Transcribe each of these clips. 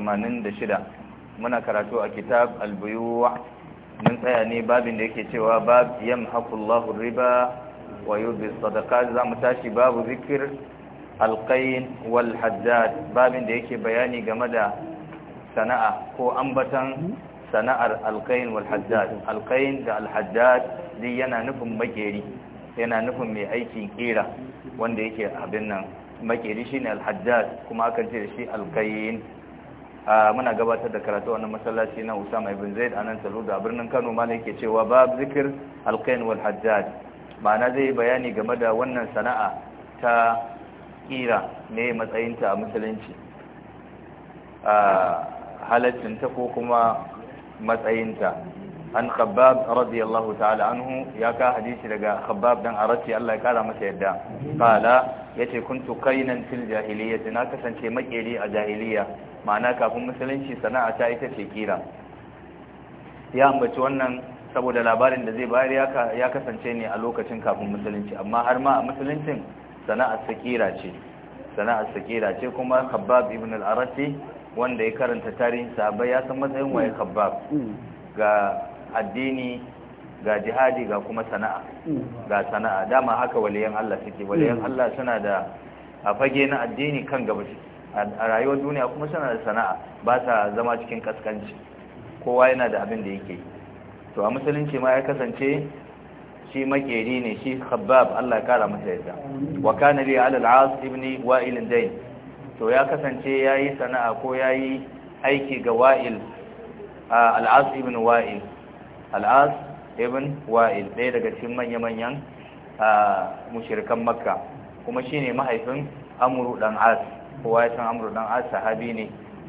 86 muna karatu a kitab albuyuwa mun tsaya ne babin da yake cewa bab yamhaqullahu riba wa yudhi sadaka za mu tashi babu zikir alqain wal haddad babin da yake bayani game da sana'a ko ambatan sana'ar alqain wal haddad da al haddad yana nufin makeri yana nufin mai aikin kera wanda yake abin nan makeri shine al haddad kuma akan ce da shi alqain muna gabatar da karatu wannan masallaci na Usama ibn Zaid anan Saluda a birnin Kano ma ne yake cewa bab zikir alqain wal hajjaj ma'ana zai bayani game da wannan sana'a ta kira ne matsayinta a musulunci a halaccin ta ko kuma matsayinta an khabbab radiyallahu ta'ala anhu ya ka hadisi daga khabbab dan arati Allah ya kara masa yadda qala yace kuntu kainan fil jahiliyyah na kasance makeri a jahiliya ma'ana kafin musulunci sana'a ta ita ce kira ya ambaci wannan saboda labarin da zai bayar ya kasance ne a lokacin kafin musulunci amma har ma a musuluncin sana'ar kira ce sana'ar kira ce kuma khabbab ibn al-arati wanda ya karanta tarihin sahabbai ya san matsayin waye khabbab ga addini ga jihadi ga kuma sana'a ga sana'a dama haka waliyan Allah suke waliyan Allah suna da a fage na addini kan gaba suke a rayuwar duniya kuma suna da sana'a ba sa zama cikin kaskanci kowa yana da abin da yake to a musulunci ma ya kasance shi makeri ne shi khabbab Allah ya kara masa yadda wa kana bi ala al-aas ibn wa'il dain to ya kasance yayi sana'a ko yayi aiki ga wa'il al-aas ibn wa'il al-aas ibn wa'il dai daga cikin manya-manyan mushrikan makka kuma shine mahaifin amru dan as kowa ya san amru dan as sahabi ne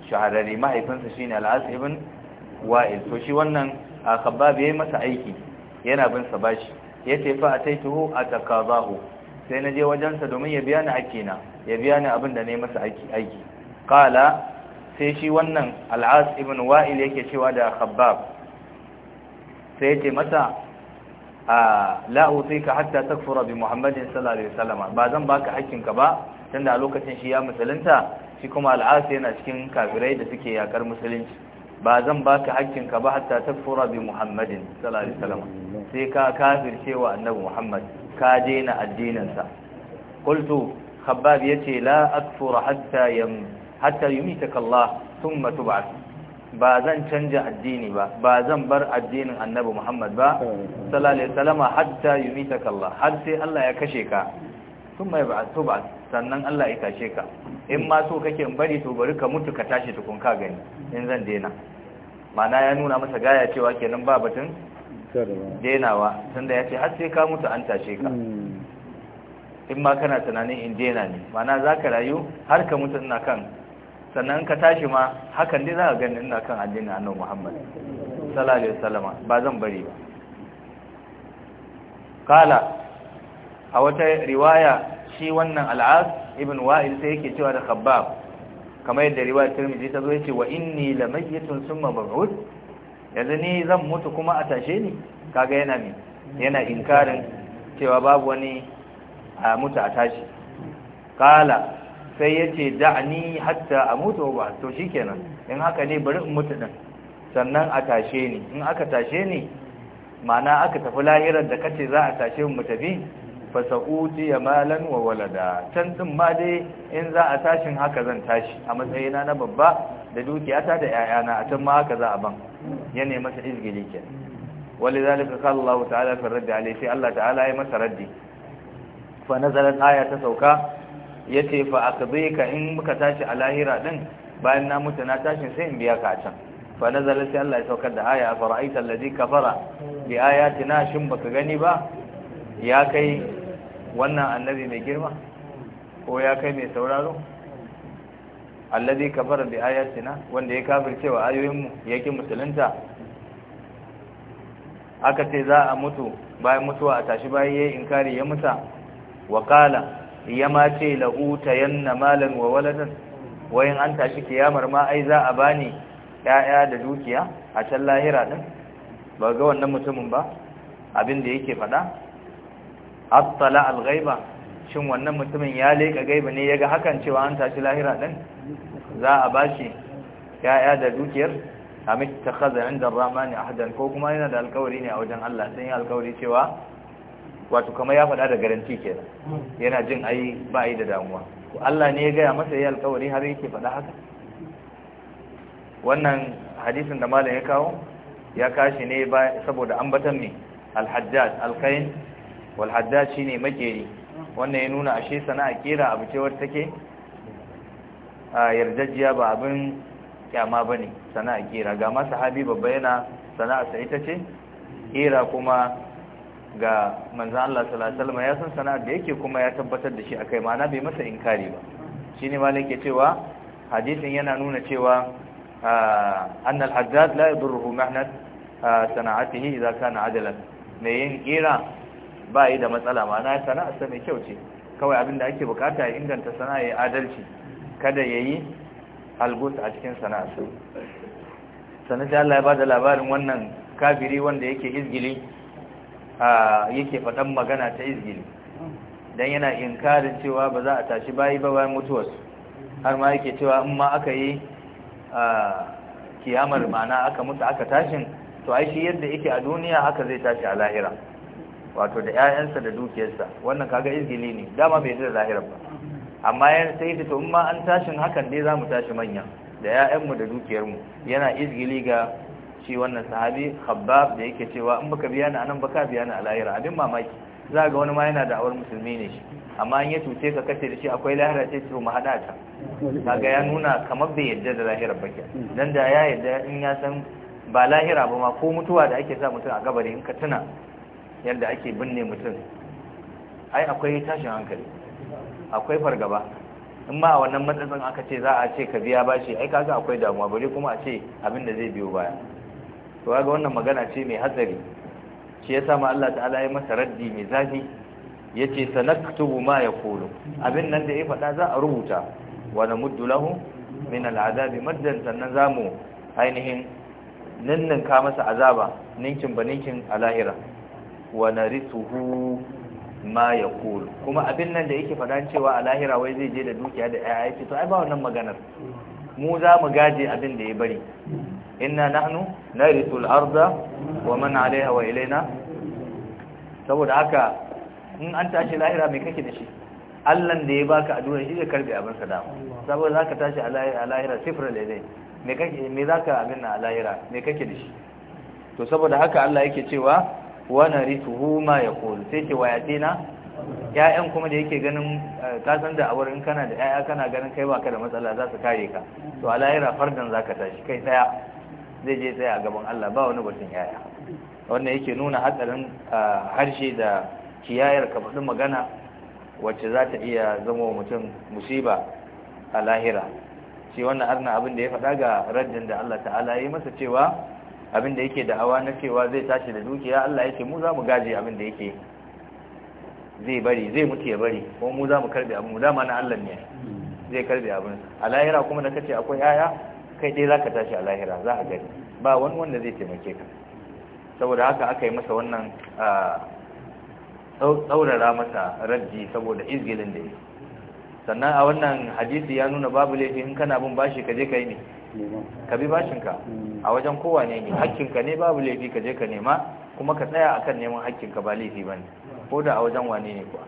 shahararre mahaifinsa shine ne al'as ibn wa'il to shi wannan a khabbab yi masa aiki yana bin sa bashi ya ce fa ataituhu atakazahu sai na je wajensa domin ya biya ni hakina ya biya ni abin da ne masa aiki aiki qala sai shi wannan al'as ibn wa'il yake cewa da khabbab sai yace masa la utika hatta takfura bi muhammadin sallallahu alaihi wasallam ba zan baka ka ba da a lokacin shi ya musulunta shi kuma al'asa yana cikin kafirai da suke yakar musulunci ba zan baka hakkinka ba hatta tafura bi muhammadin sallallahu salama. sai ka kafirce wa annabi muhammad ka daina addininsa qultu khabbab yace la akfura hatta yam hatta yumitaka allah thumma tub'ath ba zan canja addini ba ba zan bar addinin annabi muhammad ba sallallahu salama. wasallam hatta yumitaka allah har sai allah ya kashe ka sun mai ba su ba sannan Allah ya tashe ka in ma so kake in bari to bari ka mutu ka tashi tukun ka gani in zan dena mana ya nuna masa gaya cewa kenan ba batun denawa tunda ya ce har sai ka mutu an tashe ka in ma kana tunanin in dena ne mana za ka rayu har ka mutu ina kan sannan ka tashi ma hakan dai za ka gani ina kan addinin annabi Muhammad sallallahu alaihi wasallam ba zan bari ba kala a wata riwaya shi wannan al'as ibn wa'il sai yake cewa da khabbab kamar yadda riwaya tirmidhi ta zo yace wa inni lamayyitun summa mab'ud yanzu ni zan mutu kuma a tashe ni kaga yana ne yana inkarin cewa babu wani a mutu a tashi kala sai yace da'ni hatta amutu wa to shikenan in haka ne bari in mutu din sannan a tashe ni in aka tashe ni Ma'ana aka tafi lahirar da kace za a tashe mu tafi fasa'uti ya malan wa walada can din ma dai in za a tashin haka zan tashi a matsayina na babba da dukiyata da 'ya'yana a can ma haka za a ban ya nemi masa izgili ke walizalika qala Allah ta'ala fi raddi alayhi sai Allah ta'ala ya masa raddi fa nazalat aya ta sauka yace fa aqdika in muka tashi a lahira din bayan na mutu na tashin sai in biya ka a can fa nazalat sai Allah ya saukar da aya fa ra'aita allazi kafara bi ayatina shin baka gani ba ya kai wannan annabi mai girma ko ya kai mai sauraro alladhi kafara bi ayatina wanda ya ayoyin ayoyinmu yake musulunta aka ce za a mutu bayan mutuwa a tashi bayan yayin inkari ya muta wa qala yama ce la utayanna malan wa waladan wayin an tashi kiyamar ma ai za a bani yaya da dukiya a can lahira din ba ga wannan mutumin ba abin da yake faɗa asala al-ghaiba shin wannan mutumin ya leka gaiba ne ya ga hakan cewa an tashi lahira din za a bashi ya'ya da dukiyar amma takhaza inda ar a ahadan ko kuma yana da alƙawari ne a wajen Allah sai ya alƙawari cewa wato kamar ya faɗa da garanti kenan yana jin ai ba yi da damuwa Allah ne ya gaya masa ya alkawari har yake faɗa haka wannan hadisin da malam ya kawo ya kashi ne saboda ambatan ne al-hajjaj al walhadda shi ne makeri wannan ya nuna ashe sana'a kera abu cewar take a yarjajjiya ba abin kyama ba ne sana'a kera ga masu habi babba yana sana'arsa ita ce kera kuma ga manzan Allah salama ya san sana'ar da yake kuma ya tabbatar da shi a kai mana bai masa inkari ba shi ne malin ke cewa hadisin yana nuna cewa al haddad la yadurruhu mahnat sana'atihi idza kana adalan mai yin kera ba yi da matsala ma mana sana'arsa mai kyau ce kawai abin da ake bukata ya inganta sana'a ya adalci kada ya yi algus a cikin su sannan sai Allah ya ba da labarin wannan kafiri wanda yake izgili yake faɗan magana ta izgili don yana inkarin cewa ba za a tashi bayi ba bayan mutuwarsu har ma yake cewa in ma aka yi kiyamar mana aka mutu aka tashin to ai shi yadda yake a duniya aka zai tashi a lahira wato da ƴaƴansa da dukiyarsa wannan kaga izgili ne dama bai da lahirar ba amma yan sai da to in ma an tashin hakan dai zamu tashi manya da ƴaƴanmu da dukiyarmu yana izgili ga shi wannan sahabi Khabbab da yake cewa in baka biya ni anan baka biya ni a lahira abin mamaki za ga wani ma yana da awar musulmi ne shi amma an ya cuce ka kace da shi akwai lahira ce to mu hada ta kaga ya nuna kamar bai yadda da lahira ba ke dan da ya yadda in ya san ba lahira ba ma ko mutuwa da ake sa mutum a gabari in ka tuna yadda ake binne mutum ai akwai tashin hankali akwai fargaba in ma a wannan matsatsin aka ce za a ce ka biya bashi ai kaga akwai damuwa bari kuma a ce abin da zai biyo baya to ga wannan magana ce mai hatsari shi yasa ma Allah ta'ala ya masa raddi mai zafi yace sanaktubu ma yaqulu abin nan da ya faɗa za a rubuta wa namuddu lahu min al'adabi maddan sannan zamu ainihin ninninka masa azaba ninkin ba ninkin a lahira wa narithuhu ma yaqul kuma abin nan da yake faɗan cewa a lahira wai zai je da dukiya da ai to ai ba wannan maganar mu za mu gaje abin da ya bari inna nahnu narithu al-ardha wa man 'alayha wa ilayna saboda haka in an tashi lahira mai kake da shi Allah da ya baka a duniya shi zai karbe abin sa mu saboda zaka tashi a lahira sifra da dai me kake me zaka abin na a lahira me kake da shi to saboda haka Allah yake cewa wana ritu ma ya kulu sai ce waya na ƴaƴan kuma da yake ganin eh, kasan da a wurin kana da ƴaƴa kana ganin kai baka da matsala za su kare ka to a lahira fardan za ka tashi kai tsaya zai je tsaya a gaban Allah ba wani batun ƴaƴa wannan yake nuna hatsarin eh, harshe da kiyayar ka faɗi magana wacce za ta iya zama wa mutum musiba a lahira shi wannan arna abin da ya faɗa ga raddin da Allah ta'ala ya yi masa cewa abin da yake da'awa na cewa zai tashi da dukiya Allah yake mu za mu gaje abin da yake zai bari zai mutu ya bari ko mu za mu karbe abin mu dama na Allah ne zai karbe abin a lahira kuma da kace akwai yaya kai dai zaka tashi a lahira za a gani ba wani wanda zai taimake ka saboda haka aka yi masa wannan tsaurara masa rajji saboda izgilin da yi sannan a wannan hadisi ya nuna babu laifi, in kana bin bashi ka je ka yi ne ka bi bashinka hmm. a wajen kowa ne hakkinka ne babu laifi ka je ka nema kuma ka tsaya akan neman hakkinka ba laifi bane ko da a wajen wane ne kuwa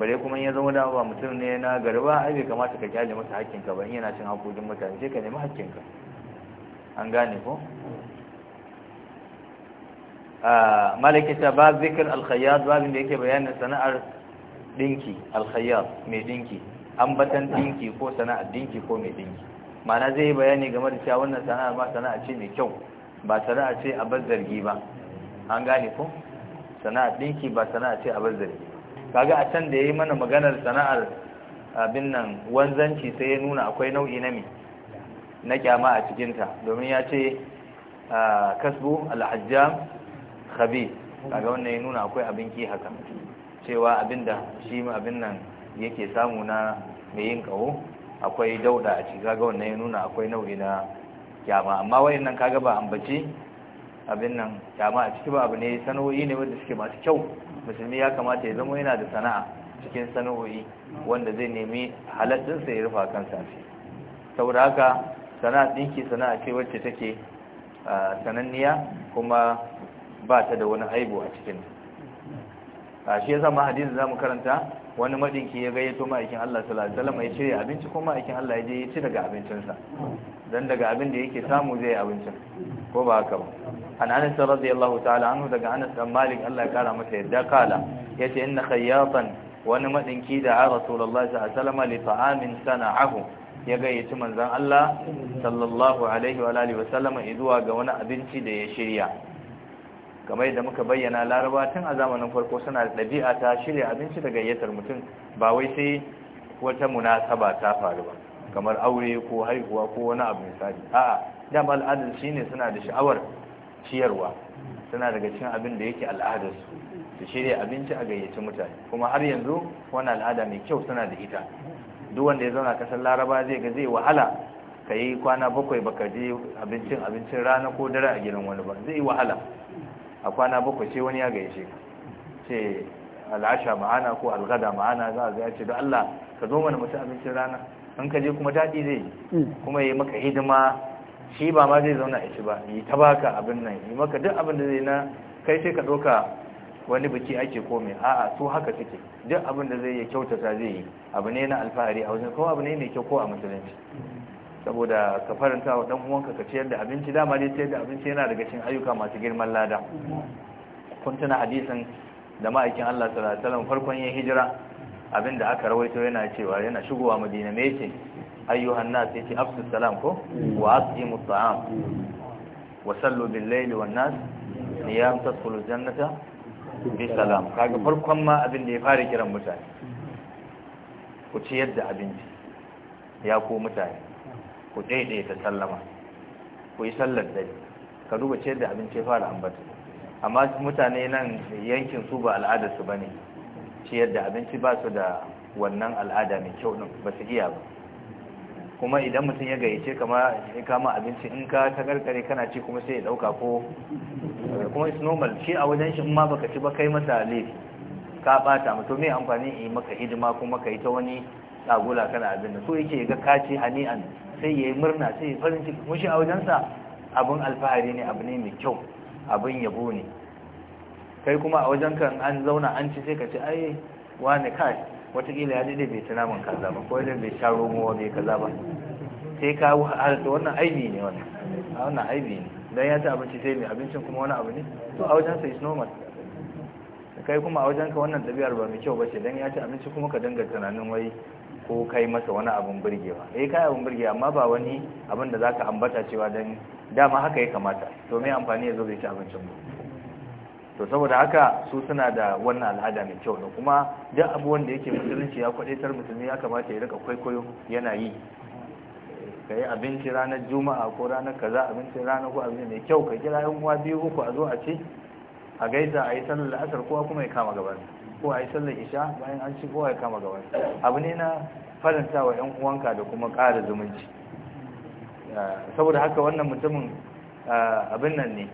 bare kuma ya zama da ba mutum ne na gari garba ai bai kamata ka kyale masa hakkinka ba in yana cin hakokin mutane sai ka nemi hakkinka an gane ko ah, malaki ta ba zikir alkhayyar babin da yake bayanin sana'ar dinki alkhayyar mai dinki ambatan dinki ko sana'ar dinki ko mai dinki mana zai yi bayani game da cewa wannan sana'ar ma sana'a ce mai kyau ba sana'a ce a bar zargi ba an gane ko sana'a dinki ba sana'a ce a bar zargi kaga a can da yayi mana maganar sana'ar abin nan wanzanci sai ya nuna akwai nau'i na mi na kyama a cikin ta domin ya ce kasbu al-hajjam khabi kaga wannan ya nuna akwai abin ki haka cewa abinda shi abin nan yake samu na mai yin kawo akwai dauda a ciki kaga wannan ya nuna akwai nau'i na kyama amma wayan nan kaga ba ambaci abin nan kyama a ciki ba abu ne sanoyi ne wanda suke masu kyau musulmi ya kamata ya zama yana da sana'a cikin sanoyi wanda zai nemi halattun sa ya rufa kansa shi saboda haka sana'a dinki sana'a ce wacce take ah, sananniya kuma ba ta da wani aibu a cikin a shi yasa ma hadisi zamu karanta wani madinki ya gayyato ma'aikin Allah sallallahu alaihi wasallam ya cire abinci ko ma'aikin Allah ya je ya ci daga abincinsa dan daga abin da yake samu zai abincin ko ba haka ba an Anas radiyallahu ta'ala anhu daga Anas bin Malik Allah ya kara masa yadda kala yace inna khayyatan wani madinki da a Rasulullahi sallallahu alaihi wasallam li ta'amin sana'ahu ya gayyaci manzon Allah sallallahu alaihi wa alihi wasallam zuwa ga wani abinci da ya shirya kamar yadda muka bayyana laraba tun a zamanin farko suna da ɗabi'a ta shirya abinci da gayyatar mutum ba wai sai wata munasaba ta faru ba kamar aure ko haihuwa ko wani abu misali a'a dama al'adar shine suna da sha'awar ciyarwa suna daga cin abin da yake al'adar su su shirya abinci a gayyaci mutane kuma har yanzu wani al'ada mai kyau suna da ita duk wanda ya zauna kasar laraba zai ga zai wahala ka yi kwana bakwai baka je abincin abincin rana ko dare a gidan wani ba zai yi wahala a kwana bakwai ce wani ya gaishe ka ce al'asha ma'ana ko algada ma'ana za a zai ce da Allah ka zo mana mutu abincin rana in ka je kuma daɗi zai yi hmm. kuma yi maka hidima shi ba ma zai zauna a shi ba yi ta baka abin nan yi maka duk abin da zai na kai sai ka ɗauka wani biki ake kome a'a su haka suke duk abin da zai yi kyautata zai yi abu ne na alfahari a wajen kawo abu ne mai kyau ko a musulunci saboda ka faranta wa uwanka ka ciyar da abinci dama dai ciyar da abinci yana daga cikin ayyuka masu girman lada kun tuna hadisin da ma'aikin Allah sallallahu alaihi wasallam farkon yin hijira abinda aka rawaito yana cewa yana shigowa Madina me yake ayyuhan nas ce, afsus salam ko wa asimu ta'am wa sallu bil layli wan nas niyam tadkhulu jannata bi salam kaga farkon ma abin da ya fara kiran mutane ku ciyar da abinci ya ku mutane ku daidaita sallama ku yi sallar dare ka duba ce da abinci fara ambata amma mutane nan yankin su ba al'ada su bane ciyar da abinci ba su da wannan al'ada mai kyau din ba su iya ba kuma idan mutum ya gayyace kama ya kama abinci in ka ta karkare kana ci kuma sai ya dauka ko kuma it's normal shi a wajen shi in ma baka ci ba kai masa laifi ka bata to me amfani yi maka hidima kuma ka yi ta wani tsagula kana abin da so yake ga kaci hani'an sai ya yi murna sai ya farin ciki mushi a wajensa abin alfahari ne abu ne mai kyau abin yabo ne kai kuma a wajen kan an zauna an ci sai ka ce ai wani kai watakila ya daidai bai ci naman kaza ba ko yadda bai sha romowa bai kaza ba sai ka harta wannan aibi ne wannan wannan aibi ne don ya ci abinci sai mai abincin kuma wani abu ne to a wajensa is normal kai kuma a wajenka wannan ɗabi'ar ba mai kyau ba ce don ya ci abinci kuma ka dinga tunanin wai ko kai masa wani abin burgewa eh kai abin burgewa amma ba wani abin da zaka ambata cewa dan dama haka ya kamata to me amfani yazo bai ci abincin mu to saboda haka su suna da wannan al'ada mai kyau da kuma duk abu wanda yake musulunci ya kwadaitar musulmi ya kamata ya rika kwaikwayo yana yi ka yi abinci ranar juma'a ko ranar kaza abinci ranar ko abinci mai kyau ka kira yan uwa biyu uku a zo a ci a gaisa a yi sallar la'asar kowa kuma ya kama gaban ko a yi sallar isha bayan an ci kowa ya kama gaba abu ne na faranta wa 'yan uwanka da kuma ƙara zumunci saboda haka wannan mutumin abin nan ne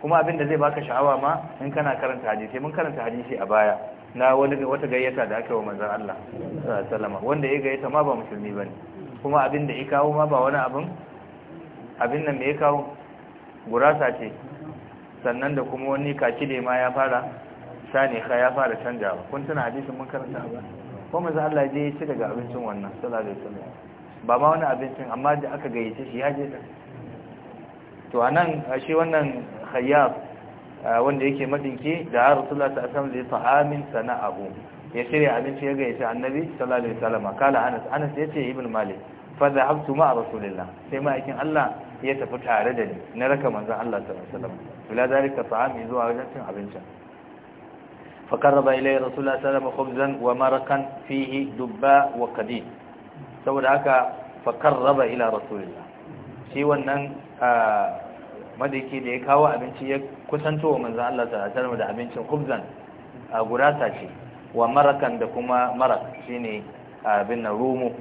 kuma abin da zai baka sha'awa ma in kana karanta hadisi mun karanta hadisi a baya na wani wata gayyata da aka yi wa manzon Allah sallama wanda ya gayyata ma ba musulmi bane kuma abin da ya kawo ma ba wani abin abin nan me ya kawo gurasa ce sannan da kuma wani kaci da ma ya fara sanika ya fara canja ba kun tuna hadisin mun karanta ba ko manzo Allah ya je ya ci daga abincin wannan sallallahu alaihi wasallam ba ma wani abincin amma da aka gayyace shi ya je da to anan shi wannan khayyab wanda yake madinki da Rasulullah sallallahu alaihi wasallam zai ta'amin sana'ahu ya shirya abinci ya gayyace Annabi sallallahu alaihi wasallam kala Anas Anas yace Ibn Malik fa zahabtu ma Rasulillah sai ma yakin Allah ya tafi tare da ni na raka manzo Allah sallallahu alaihi wasallam bila zalika ta'ami zuwa wajen cin abincin فقرب إليه رسول الله صلى الله عليه وسلم خبزا ومرقا فيه دباء وقديد saboda haka fakarraba ila rasulillah shi wannan madaki da ya kawo abinci ya kusantowa wa manzan Allah sallallahu da abincin kubzan a gurasa ce wa marakan da kuma marak shine abin na rumu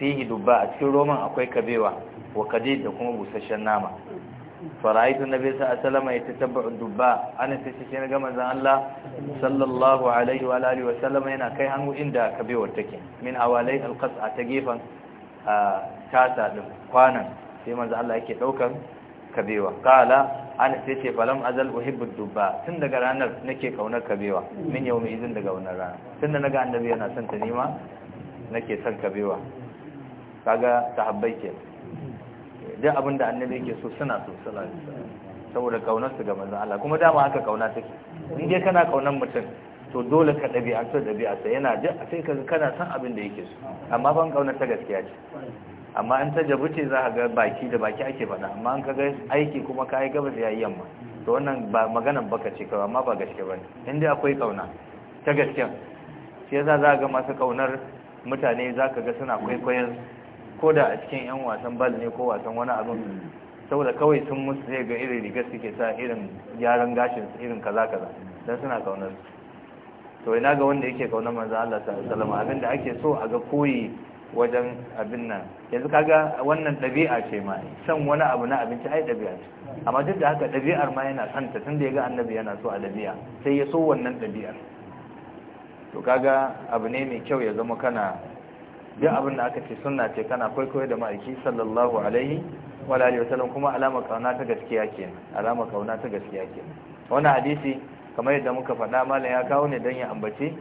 fihi dubba a cikin roman akwai kabewa wa kadid da kuma busasshen nama faraayitu nabi sa a salama yi ta tabba a dubba sai ta gama zan Allah sallallahu alaihi wa wa salama yana kai hangu inda kabewa bewa ta ke min a walai alkas a ta gefen a kasa da kwanan sai ma zan Allah ya ke daukan ka bewa kala ana sai falam azal uhibbu dubba tun daga ranar na ke kaunar ka min yau mai izin daga wani rana tun da na ga an dabi yana son ta nima na ke son ka bewa kaga ta habbai ke duk abin da annabi yake so suna so suna saboda kaunar su ga manzo Allah kuma dama haka kauna take in dai kana kaunar mutum to dole ka a sai yana duk sai ka kana san abin da yake so amma ban kaunar ta gaskiya ce amma an ta jabuce za a ga baki da baki ake faɗa amma an kaga aiki kuma ka yi gabas ya yi yamma to wannan ba maganan baka ce kawai amma ba gaske ba in dai akwai kauna ta gaske shi yasa za a ga masu kaunar mutane za ka ga suna kwaikwayon ko da a cikin 'yan wasan bal ne ko wasan wani abin saboda kawai sun musu zai ga irin rigar suke sa irin gyaran gashin su irin kaza kaza dan suna kaunar su to ina ga wanda yake kaunar manzo Allah sallallahu alaihi wasallam abinda ake so a ga koyi wajen abin nan yanzu kaga wannan ɗabi'a ce ma san wani abu na abinci ai dabi'a ce amma duk da haka ɗabi'ar ma yana santa tun da ya ga annabi yana so a ɗabi'a sai ya so wannan ɗabi'ar to kaga abu ne mai kyau ya zama kana duk abin da aka ce sunna ce kana kwaikwayo da ma'aiki sallallahu alaihi wa alihi wasallam kuma alama kauna ta gaskiya kenan alama kauna ta gaskiya kenan wannan hadisi kamar yadda muka faɗa malam ya kawo ne dan ya ambace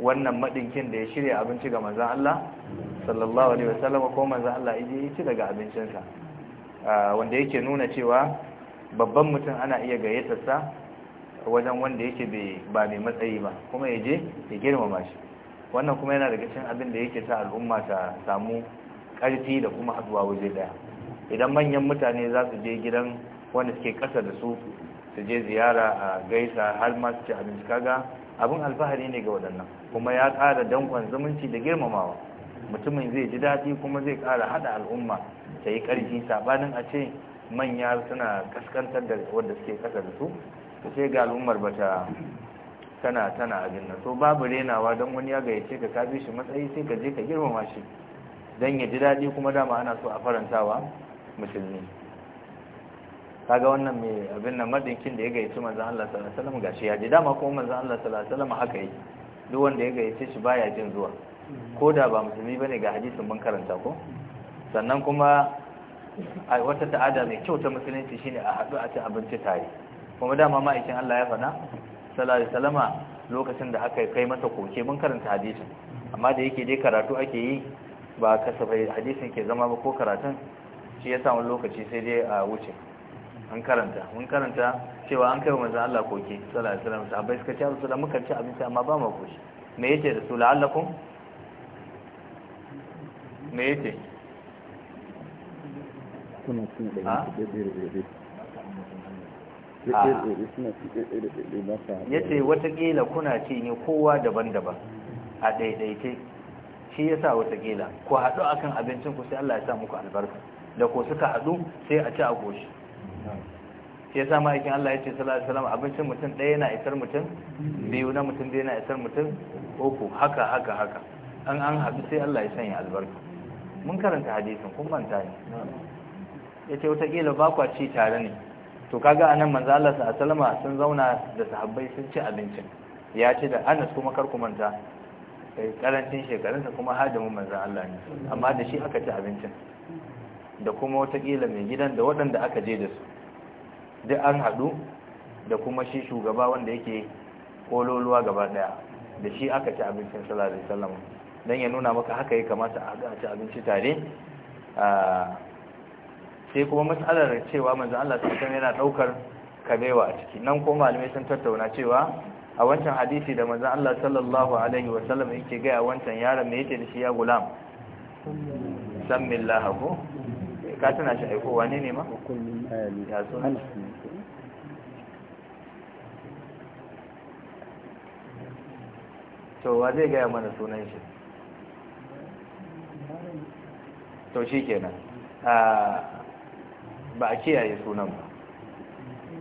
wannan madinkin da ya shirya abinci ga manzon Allah sallallahu alaihi wasallam ko manzon Allah ya ci daga abincinsa wanda yake nuna cewa babban mutum ana iya sa wajen wanda yake ba mai matsayi ba kuma ya je ya girmama shi wannan kuma yana daga cikin abin da yake sa al'umma ta samu ƙarfi da kuma haɗuwa waje daya idan manyan mutane za su je gidan wanda suke ƙasa da su su je ziyara a gaisa har ma su ci abinci kaga abin alfahari ne ga waɗannan kuma ya ƙara dankon zumunci da girmamawa mutumin zai ji daɗi kuma zai ƙara haɗa al'umma ta yi ƙarfi saɓanin a ce manya suna kaskantar da wanda suke ƙasa da su ga al'ummar ba ta tana tana abin nan babu renawa don wani ya gayyace ka kafi shi matsayi sai ka je ka girmama shi don ya ji daɗi kuma dama ana so a farantawa musulmi kaga wannan mai abin nan madinkin da ya gayyace manzon Allah sallallahu alaihi wasallam gashi ya ji dama kuma manzon Allah sallallahu alaihi wasallam haka yi duk wanda ya gayyace shi baya jin zuwa ko da ba musulmi bane ga hadisin mun karanta ko sannan kuma a wata ta'ada mai kyau ta musulunci shine a haɗu a ci abinci tare kuma dama ma'aikin Allah ya faɗa sallallahu alaihi wasallama lokacin da aka kai masa koke mun karanta hadisin amma da yake dai karatu ake yi ba kasafai hadisin ke zama ba ko karatun shi ya samu lokaci sai dai a wuce an karanta mun karanta cewa an kai wa manzon Allah koke sallallahu alaihi wasallam sahabbai suka ce da muka ci abinci amma ba mu koshi me yace su la'allakum me yace kuna tuna da ya ce watakila kuna ce ne kowa daban-daban a daidaita shi ya sa watakila ku haɗu kan abincin ku sai Allah ya sa muku albarka da ku suka haɗu sai a ci a goshi shi ya sa ma'aikin Allah ya ce salama abincin mutum ɗaya na isar mutum biyu na mutum ɗaya na isar mutum uku haka haka haka an an haɗu sai Allah ya sanya albarka mun karanta hadisin kun manta ne ya ce watakila ba kwa ci tare ne to kaga anan manzo Allah sallama sun zauna da sahabbai sun ci abincin ya ce da Anas kuma kar ku manta eh, shekarun sa kuma hadimin manzo Allah ne amma da shi aka ci abincin da kuma kila mai gidan da waɗanda aka je da su duk an haɗu da kuma shi shugaba wanda yake kololuwa gaba ɗaya da shi aka ci abincin sallallahu alaihi wasallam dan ya nuna maka haka ya kamata a ci abinci tare ah, sai kuma matsalar cewa manzan Allah sallallahu yana daukar kabewa a ciki nan ko malamai sun tattauna cewa a wancan hadisi da manzan Allah sallallahu alaihi wa sallam yake ga wancan yaron me yake da shi ya gulam samillahu ko ka tana shi aiko wane ne ma ya to wa zai gaya mana sunan shi to shi kenan ah, ba a kiyaye sunan ba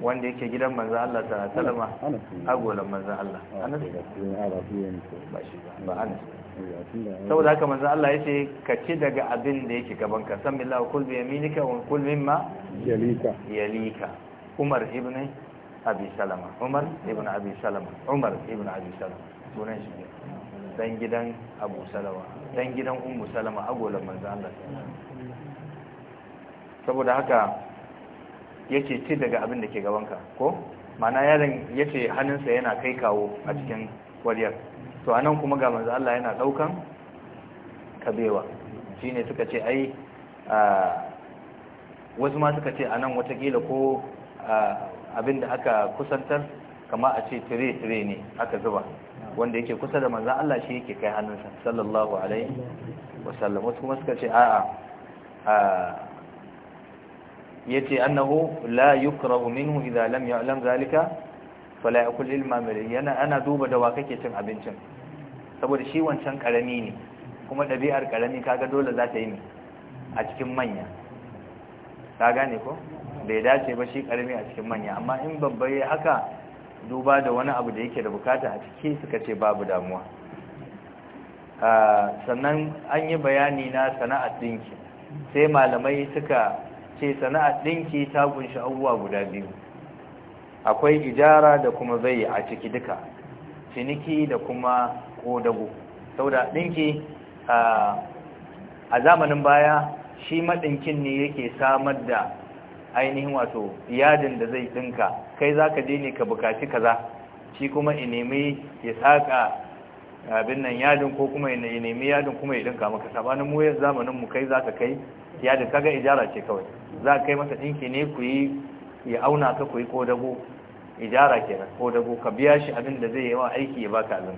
wanda yake gidan manzan Allah ta salama agolan manzan Allah saboda haka manzan Allah ya ce ka ci daga abin da yake gaban ka san billahi kul ya minika wa kul ma. yalika yalika Umar ibn Abi Salama Umar ibn Abi Salama Umar ibn Abi Salama sunan shi dan gidan Abu Salama dan gidan umu Salama agolan manzan Allah saboda haka yake ci daga abin da ke gabanka ko mana yaron ce hannunsa yana kai kawo a cikin waliyar to a nan kuma ga manzo Allah yana daukan kabewa Shi ne suka ce ai wasu ma suka ce a nan watakila ko abin da aka kusantar kama a ce tire-tire ne aka zuba wanda yake kusa da manzan Allah shi yake kai hannunsa sallallahu alaihi wasallam wasu kuma suka ce a'a yace annahu la yukrahu minhu idza lam ya'lam zalika fala yakul ilma yana ana duba da wa kake cin abincin saboda shi wancan karami ne kuma dabi'ar karami kaga dole za ta yi ne a cikin manya ka gane ko bai dace ba shi karami a cikin manya amma in babba ya haka duba da wani abu da yake da bukata a ciki suka ce babu damuwa ah, sannan an yi bayani na sana'ar dinki sai malamai suka ce sana'ar ɗinki ta kunshi abubuwa guda biyu akwai ijara da kuma zai a ciki duka ciniki da kuma kodago saboda ɗinki a zamanin baya shi maɗinkin ne yake samar da ainihin wato yadin da zai ɗinka kai za ka je ne ka bukaci kaza shi kuma ya nemi ya saƙa abin nan yadin ko kuma ya nemi yadin kuma ya ɗinka maka sabanin mu zamanin mu kai za ka kai yadin kaga ijara ce kawai za ka kai masa ɗinki ne ku yi ya auna ka ku yi ko dago ijara kenan ko dago ka biya shi abin da zai yi wa aiki ya baka abin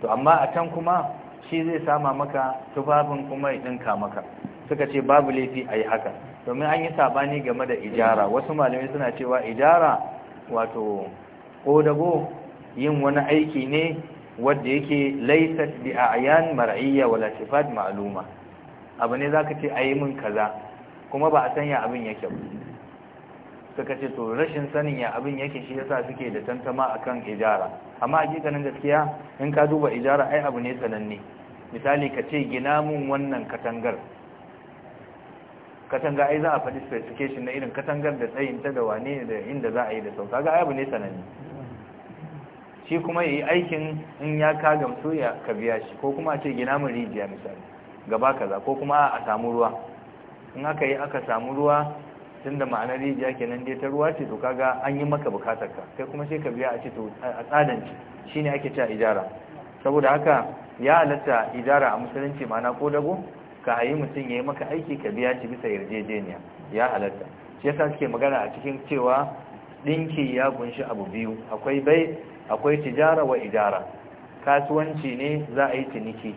to amma a can kuma shi zai sama maka tufafin kuma ya ɗinka maka suka ce babu laifi a yi haka domin an yi saɓani game da ijara wasu malamai suna cewa ijara wato ko dago yin wani aiki ne wadda yake laisat bi a'yan mar'iyya wala sifat ma'luma abu ne za ka ce a yi min kaza kuma ba a sanya abin yake ba suka ce to rashin sanin ya abin yake shi yasa suke da tantama akan ijara amma a hakikanin gaskiya in ka duba ijara ai abu ne sananne misali ka ce gina mun wannan katangar katanga ai za a faɗi specification na irin katangar da tsayin ta da wane da inda za a yi da sau kaga ai abu ne sananne shi kuma yi aikin in ya ka gamsu ya ka biya shi ko kuma a ce gina mun rijiya misali gaba kaza ko kuma a samu ruwa in aka yi aka samu ruwa tunda ma'anar rijiya kenan dai ta ruwa ce to kaga an yi maka bukatar ka kai kuma sai ka biya a ce to a tsadance shine ake cewa ijara saboda haka ya halatta ijara a musulunci ma'ana ko dago ka hayi mutum ya yi maka aiki ka biya shi bisa yarjejeniya ya halatta shi yasa suke magana a cikin cewa dinki ya kunshi abu biyu akwai bai akwai tijara wa ijara kasuwanci ne za a yi ciniki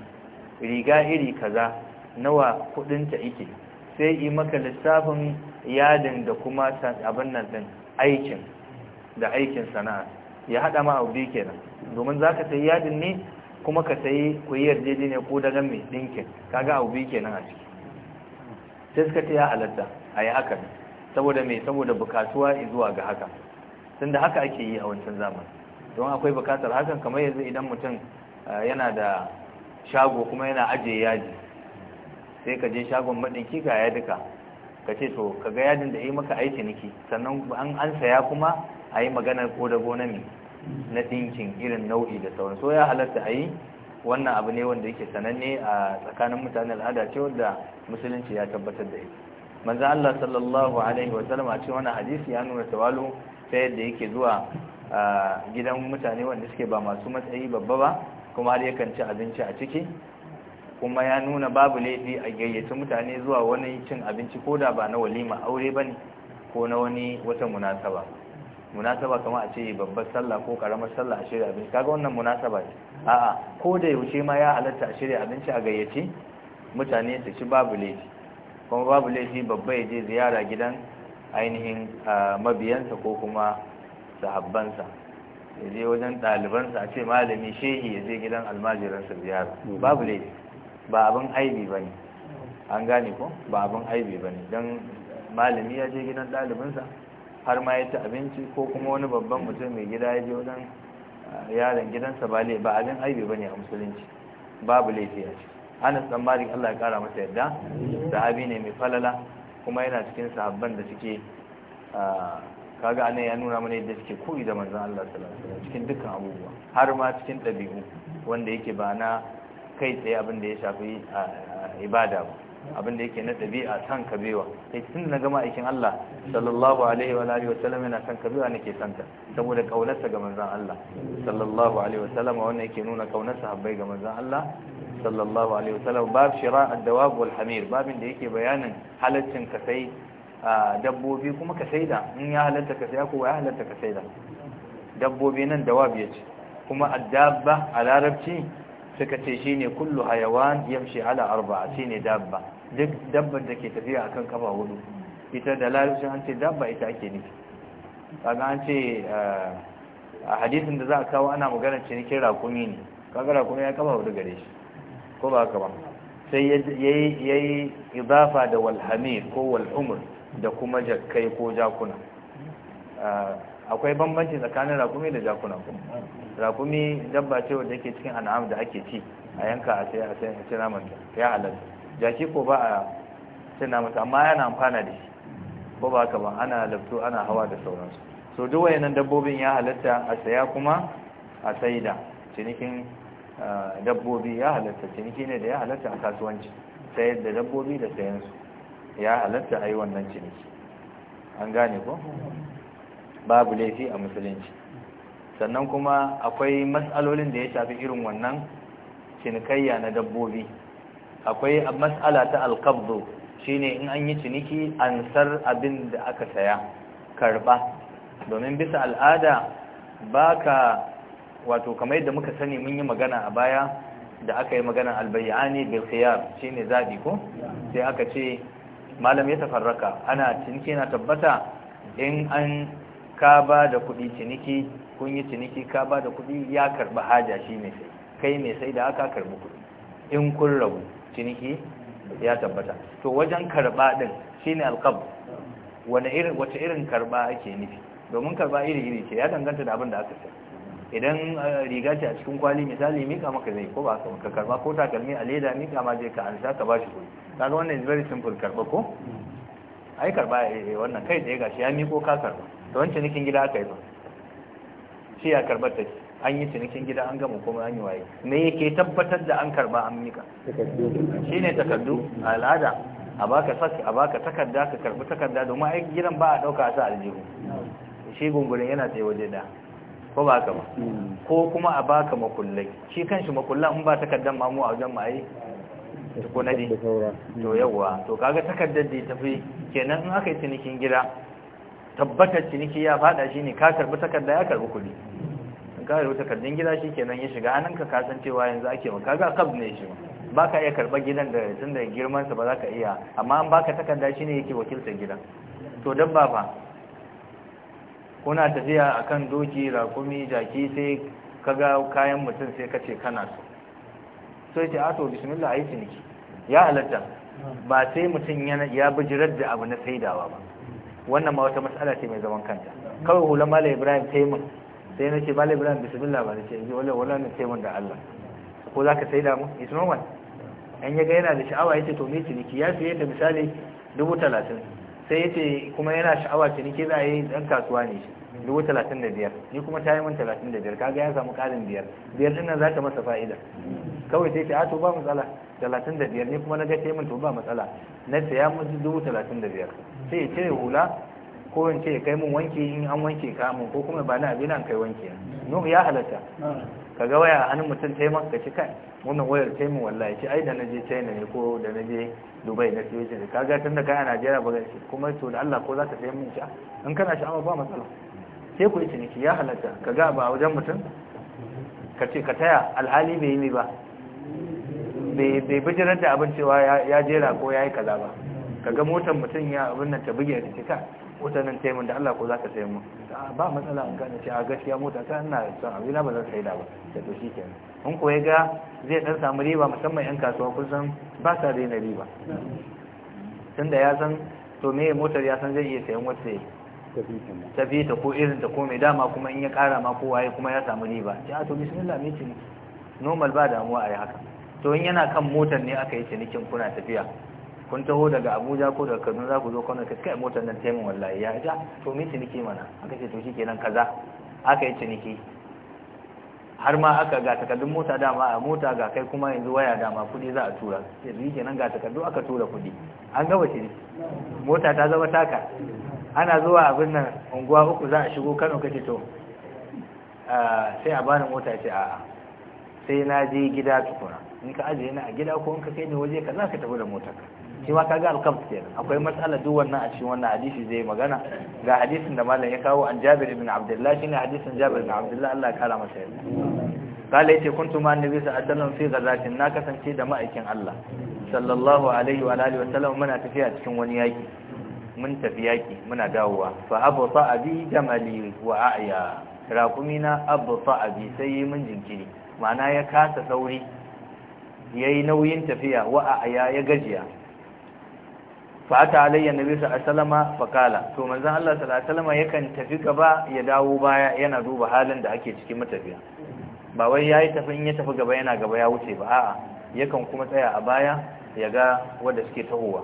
riga iri kaza nawa kudinta ike sai yi maka lissafin yadin da kuma abin nan din aikin da aikin sana'a ya hada ma abu biyu kenan domin za ka sayi yadin ne kuma ka sayi ku yi ne ko daga mai dinkin kaga abu biyu kenan a ciki sai suka ta ya halatta a yi haka saboda mai saboda bukatuwa zuwa ga haka tunda haka ake yi a wancan zamani don akwai bukatar hakan kamar yanzu idan mutum eh, yana da shago kuma yana ajiye yaji sai ka je shagon maɗinki ga yadika ka ce to ka ga yadin da ya yi maka aiki niki sannan an an saya kuma a yi maganar ko da gona ne na ɗinkin irin nau'i da sauran so ya halatta a yi wannan abu ne wanda yake sananne a tsakanin mutanen al'ada ce wanda musulunci ya tabbatar da ita manzo Allah sallallahu alaihi wa sallam a cikin wannan hadisi ya nuna tawalu ta yadda yake zuwa ah, gidan mutane wanda suke ba masu matsayi babba ba kuma har yakan ci abinci a ciki kuma ya nuna babu laifi a gayyaci mutane zuwa wani cin abinci ko da ba na walima aure ba ne ko na wani wata munasaba munasaba kama a ce babbar sallah ko karamar sallah a shirya abinci kaga wannan munasaba ne a'a ko da yaushe ma ya halatta a shirya abinci a gayyaci mutane su ci babu laifi kuma babu laifi babba ya je ziyara gidan ainihin ah, mabiyansa ko kuma sahabbansa ya je wajen ɗalibansa a ce malami shehi ya je gidan almajiransa ziyara hmm. babu laifi ba abin aibi ba ne an gane ko ba abin aibi ba ne don malami ya je gidan ɗalibinsa har ma ya ci abinci ko kuma wani babban mutum mai gida ya je wajen ah, yaron gidansa ba ba abin aibi ba ne a musulunci babu laifi a ciki anas dan malik Allah ya kara masa yadda hmm. sahabi ne mai falala kuma yana cikin sahabban da suke ah, kaga anan ya nuna mana yadda suke koyi da manzon Allah sallallahu alaihi wasallam cikin dukkan abubuwa har ma cikin dabi'u wanda yake ba na kai tsaye abin da ya shafi ibada ba abin da yake na dabi'a san kabewa sai tun na gama aikin Allah sallallahu alaihi wa alihi wasallam yana san kabewa nake santa saboda kaunarsa ga manzon Allah sallallahu alaihi wasallam wannan yake nuna kaunarsa habbai ga manzon Allah sallallahu alaihi wasallam bab shira ad-dawab wal hamir babin da yake bayanin halaccin kafai. dabbobi kuma ka saida in ya halatta ka saya ko ya halatta ka saida dabbobi nan da dawabi yace kuma addabba a larabci suka ce shine kullu hayawan yamshi ala arba'a shine dabba duk dabbar da ke tafiya akan kafa hudu ita da larabci an ce dabba ita ake nufi kaga an ce a hadisin da za a kawo ana magana kira rakumi ne kaga rakumi ya kafa hudu gare shi ko ba haka ba sai yayi yayi idafa da walhamir ko wal'umr da kuma jakkai ko jakuna ah, akwai bambanci tsakanin rakumi da jakuna rakumi dabba ce wadda yake cikin an'am da ake ci a yanka a sai a sai a cina mata ya halatta jaki ko ba a cina mata amma yana amfana da shi ko ba haka ba ana lafto ana hawa da sauransu so duk wayannan dabbobin ya halatta a saya kuma a saida cinikin ah, dabbobi ya halatta ciniki ne da ya halatta a kasuwanci sayar da dabbobi da sayansu ya halatta a yi wannan ciniki an gane ko babu laifi a musulunci sannan kuma akwai matsalolin da ya shafi irin wannan cinikayya na dabbobi akwai matsala ta alkabdo shine in an yi ciniki ansar abin da aka saya karba domin bisa al'ada ba ka wato kamar yadda muka sani mun yi magana a baya da aka yi magana albayyani bil shi shine zaɓi ko sai aka ce malam ya tafarraka ana ciniki na tabbata in an ka ba da kuɗi ciniki kun yi ciniki ka ba da kuɗi ya karɓi haja shi mai sai kai mai sai da aka karɓi kuɗi in kun rabu ciniki ya tabbata to wajen karɓa ɗin shine alqab wani irin wace irin karɓa ake nufi domin karɓa iri iri ce ya danganta da abin da aka sai idan eh, riga ce a cikin kwali misali mika maka zai ko ba ka karba ko takalmi a leda mika ma je ka ansa ka bashi kuɗi kaga wannan is very simple karba ko ai karba eh, wannan kai tsaye gashi ya miko ka karba to wancan nikin gida aka yi ba shi ya karbar take an yi cinikin gida an gama kuma an yi waye me yake tabbatar da an karba an mika shi ne takardu al'ada a baka sak a baka takarda ka karbi takarda domin ai gidan ba a dauka a sa aljihu shi gungurin yana tsaye waje da ko ba ka ba ko kuma a baka makullai shi kanshi makullan in ba takardar mamu a wajen ma'ai ko na to yawa to kaga takardar da tafi kenan in aka yi cinikin gida tabbatar ciniki ya fada shi ne ka karbi takarda ya karbi kuɗi in ka karbi takardun gida shi kenan ya shiga hannun ka kasancewa yanzu ake ma kaga kab ne shi ba ka iya karba gidan da tun da girmansa ba za ka iya amma an baka takarda shi ne yake wakiltar gidan to dabba ba kuna tafiya a kan doki rakumi jaki sai ka ga kayan mutum sai ka ce kana so sai ce ato bismillah ayi ciniki ya halatta ba sai mutum ya bijirar da abu na saidawa ba wannan ma wata matsala ce mai zaman kanta kawai hula mala ibrahim taimun sai na ce mala ibrahim bismillah ba da ce yanzu wala wala na taimun da allah ko za ka saida mu it's normal an yaga yana da sha'awa ya ce to me ciniki ya fiye da misali dubu talatin sai ya ce kuma yana sha'awa ce ke za a yi ɗan kasuwa ne shi dubu talatin da biyar ni kuma ta yi min talatin da biyar kaga ya samu ƙarin biyar biyar ɗin nan za ta masa fa'ida kawai sai ce a to ba matsala talatin da biyar ni kuma na ga ta yi min to ba matsala na saya min dubu talatin da biyar sai ya cire hula ko in ce kai min wanke in an wanke kamun ko kuma ba na abin an kai wanke no ya halatta ka ga waya hannun mutum ta ci kai wannan wayar ta wallahi ce ai da na je china ne ko da na je dubai na siyo shi ka ga tun da kai a najeriya ba gaci kuma to da allah ko za ka sayan min ka in kana sha'awa ba matsala sai ku yi ciniki ya halatta ka ga ba wajen mutum ka ce ka taya alhali bai yi ni ba bai bijirar da abin cewa ya jera ko ya yi kaza ba ka ga motar mutum ya abin nan ta buge da cika motar taimun da Allah ko za ka taimu. ba matsala an gane cewa gaskiya mota ta ina son abu na ba za zan yi da ba da to shikenan in ko ya ga zai dan samu riba musamman yan kasuwa kusan ba sa daina riba tunda ya san to me motar ya san zai iya sayan wata tafi ta ko irin ta ko mai dama kuma in ya kara ma ko waye kuma ya samu riba ya to bismillah me ce normal ba damuwa a yi haka to in yana kan motar ne aka yi cinikin kuna tafiya kun taho daga abuja ko daga kaduna za ku zo kwanar ka kai motar nan taimun wallahi ya ja to mi ciniki mana aka ce to shi kenan kaza aka yi ciniki har ma aka ga takardun mota dama a mota ga kai kuma yanzu waya dama kudi za a tura yanzu kenan ga takardu aka tura kudi an gaba shi mota ta zama taka ana zuwa abin nan unguwa uku za a shigo kano kace to sai a bani mota ce a'a sai na je gida tukuna in ka ajiye ni a gida ko in ka kai ni waje ka za ka tafi da motar shi ma kaga alkabs kenan akwai matsala duk wannan a cikin wannan hadisi zai magana ga hadisin da malam ya kawo an Jabir ibn Abdullah shine hadisin Jabir ibn Abdullah Allah ya kara masa yarda kala yace kuntu ma annabi sallallahu alaihi wasallam fi ghazatin na kasance da ma'aikin Allah sallallahu alaihi wa alihi wasallam muna tafiya cikin wani yaki mun tafi yaki muna dawowa fa abta abi jamali wa a'ya raqumina abta abi sai mun jinkiri ma'ana ya kasa sauri yayi nauyin tafiya wa a'ya ya gajiya fa ata alayya nabi sa alaihi fa kala to manzan Allah sallallahu alaihi wasallam yakan tafi gaba ya dawo baya yana duba halin da ake cikin matafiya ba wai yayi tafi in ya tafi gaba yana gaba ya wuce ba a'a yakan kuma tsaya a baya ya ga wanda suke tahowa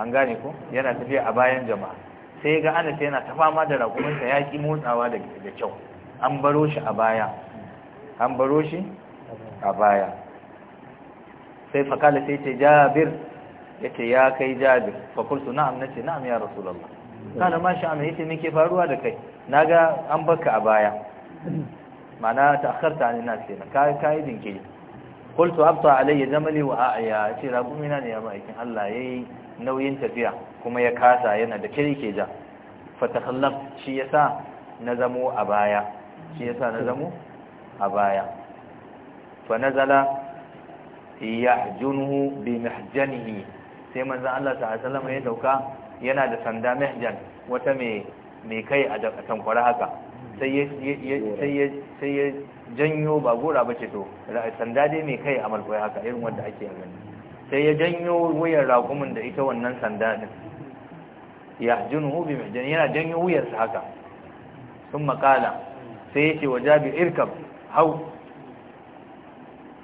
an gane ko yana tafiya a bayan jama'a sai ga Anas yana ta fama da rakuminsa ya ki motsawa da da kyau an baro shi a baya an baro shi a baya sai fakala sai ce Jabir yace ya kai jabi fa qultu na'am nace na'am ya rasulullah kana ma sha Allah yace faruwa da kai naga an baka a baya mana ta akarta an na kenan kai kai dinke qultu abta alayya zamani wa a'ya yace mina ne ya ma'aikin Allah yayi nauyin tafiya kuma ya kasa yana da ke ja fa takhallaf shi yasa na zamo a baya shi yasa na zamo a baya fa nazala bi mahjanihi sai manzan Allah ta asalama ya dauka yana da sanda mahjan wata mai kai a tankwara haka sai ya janyo ya janyo ba gora to sanda dai mai kai a malkwai haka irin wanda ake yin sai ya janyo wuyar raƙumin da ita wannan sanda din ya hubi mai mihjan yana janyo wuyarsa haka sun makala sai ya ce wa jabi irkab hau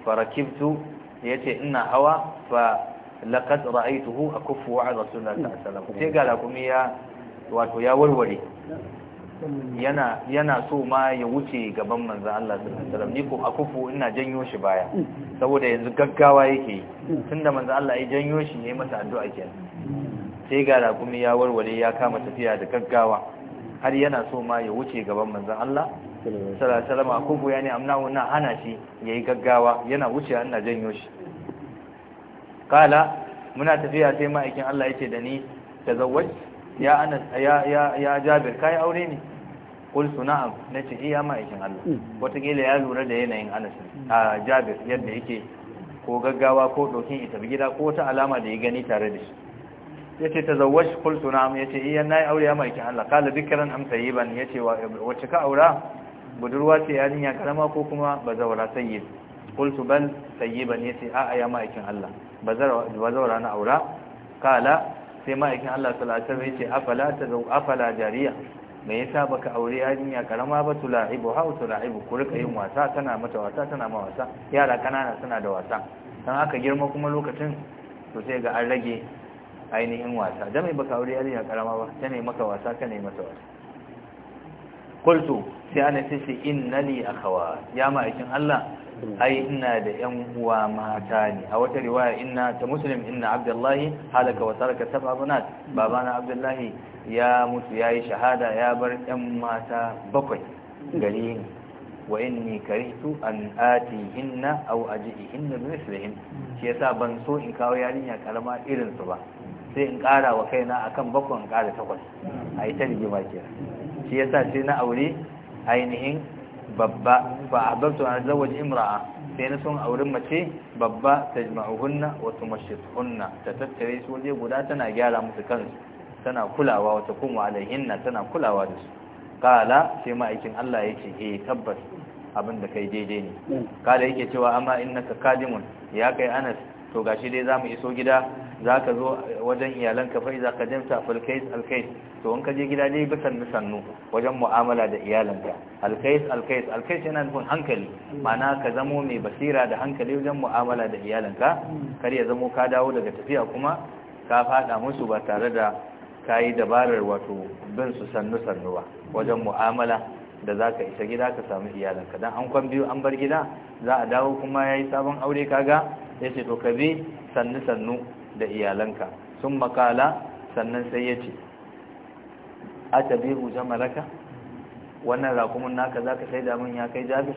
farakibtu ce ina hawa fa laqad ra'aytuhu akuffu 'ala rasulillahi sallallahu alaihi wasallam sai ga rakumi ya wato ya warware yana yana so ma ya wuce gaban manzon Allah sallallahu alaihi wasallam ni ko akuffu ina janyo shi baya saboda yanzu gaggawa yake tunda manzon Allah ya janyo shi ne masa addu'a kenan sai ga rakumi ya warware ya kama tafiya da gaggawa har yana so ma ya wuce gaban manzon Allah sallallahu alaihi wasallam akuffu yani amna wannan hana shi yayi gaggawa yana wuce ina janyo shi kala muna tafiya sai ma'aikin Allah ya ce da ni tazawwaj ya anas ya ya jabir kai aure ne kul suna'am nace iya eh, ma'aikin Allah hmm. wataƙila ya lura da yanayin anas a jabir yadda yake ko gaggawa ko dokin ita gida ko wata alama da ya gani tare da shi yace tazawwaj kul suna'am yace iya eh, yi aure ya ma'aikin Allah kala dikran am tayyiban yace wace ka aura budurwa ce yarinya karama ko kuma bazawara sayyid qultu bal tayyiban yace a'a ya ma'aikin Allah bazawara na aura kala sai ma'aikin Allah sallallahu alaihi ce afala tadau afala jariya me yasa baka aure yarinya karama ba tula'ibu ha tula'ibu ku rika yin wasa tana mata wasa tana ma wasa yara kanana suna da wasa dan haka girma kuma lokacin to sai ga an rage ainihin wasa da mai baka aure yarinya karama ba ta ne maka wasa ta ne mata wasa qultu sai ana sai shi innani akhawa ya ma'aikin Allah ai ina da ƴan uwa mata ne a wata riwaya ina ta muslim inna abdullahi halaka wa saraka sab'a babana abdullahi ya mutu yayi shahada ya bar yan mata bakwai Gari ne. wa inni karihtu an atihinna aw ajihinna bi mislihin shi yasa ban so in kawo yarinya karama irin su ba sai in kara wa kaina akan bakwai in kara takwas a ita rigima kenan shi yasa sai na aure ainihin babba fa ahbabtu an azawaj imra'a sai na son auren mace babba tajma'uhunna wa tumashshihunna ta tattare su waje guda tana gyara musu kansu tana kulawa wa kuma alaihinna tana kulawa da su kala sai ma'aikin Allah yake eh tabbas abin da kai daidai ne mm. kala yake cewa amma in innaka kadimun ya kai Anas to gashi dai zamu iso gida za ka zo wajen iyalanka fa za ka jamta al to in ka je gida dai ba sannu wajen mu'amala da iyalanka alkais alkais alkais yana nufin hankali mana ka zamo mai basira da hankali wajen mu'amala da iyalanka kar ya zamo ka dawo daga tafiya kuma ka fada musu ba tare da ka dabarar wato bin su sannu sannu ba wajen mu'amala da za ka isa gida ka samu iyalanka dan an kwan biyu an bar gida za a dawo kuma yayi sabon aure kaga ya ce to ka bi sannu sannu da iyalanka sun makala sannan sai ya ce a tabi huja maraka wannan rakumin naka za ka sai damun ya kai jabi?